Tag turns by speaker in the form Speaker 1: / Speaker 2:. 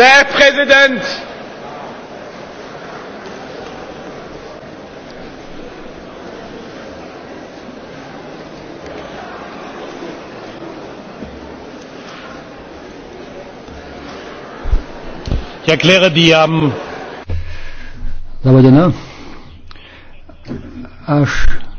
Speaker 1: Der Präsident!
Speaker 2: Ich erkläre die am. Um
Speaker 3: Labadiena. Aš